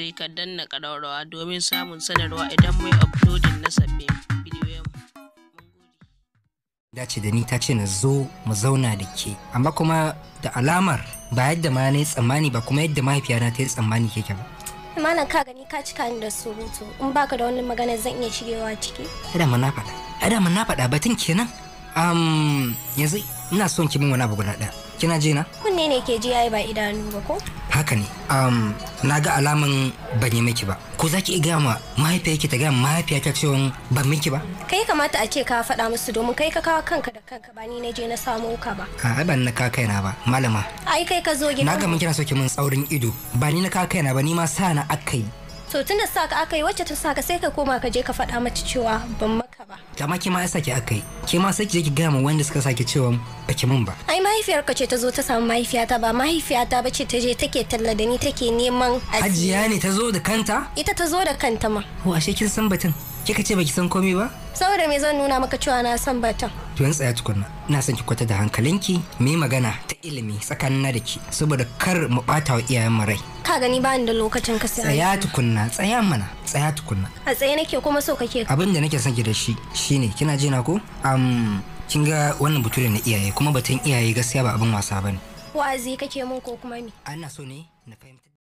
sai ka danna ƙararrawa domin samun sanarwa idan mai uploading na sabbin dace da ni ta ce na zo mu zauna da ke amma kuma da alamar ba yadda ma na yi tsammani ba kuma yadda mahaifiyana ta yi tsammani ke ba malam ka gani ka cika ni da surutu in baka da wani magana zan iya shigewa ciki ada na faɗa ada na faɗa batun kenan um yanzu ina son ki min wani abu guda ɗaya kina je na ne ne ke ji yayi ba idanu ba ko haka ne um, na ga alaman ban yi miki ba ko za ki gaya ma mahaifiyarki ta gaya mahaifiyarta cewa ban miki ba kai kamata a ce ka faɗa musu domin kai ka kawo kanka da kanka ba ni na je na samo ka ba a ban na kawo kaina ba malama ai kai ka zo gidan na ga mun kina so ki mun tsaurin ido ba ni na kawo kaina ba ni ma sa na akai to tunda sa ka aka yi wacce ta sa ka sai ka koma ka je ka faɗa mata cewa ban maka ba amma ki ma ya sake aka yi ki ma sai ki je ki gaya ma wanda suka sake cewa baki mun ba ai mahaifiyar ka ce ta zo ta samu mahaifiyata ba mahaifiyata ba ce ta je take talla da ni take neman hajiya ne ta zo da kanta ita ta zo da kanta ma wa ashe kin san batun kika ce baki san komai ba saboda me zan nuna maka cewa na san batun yan tsaya tukunna ina son ki kwata da hankalinki me magana ilimi tsakanin da ke saboda kar mu bata wa iyayen mu rai ka gani ba ni da lokacin ka sai tsaya tukunna tsaya mana tsaya tukunna a tsaye nake kuma so kake abin da nake son ki da shi shine kina jina ko am kin ga wannan bature na iyaye kuma batun iyaye gaskiya ba abin wasa bane wa'azi kake mun ko kuma me ana so ne na fahimta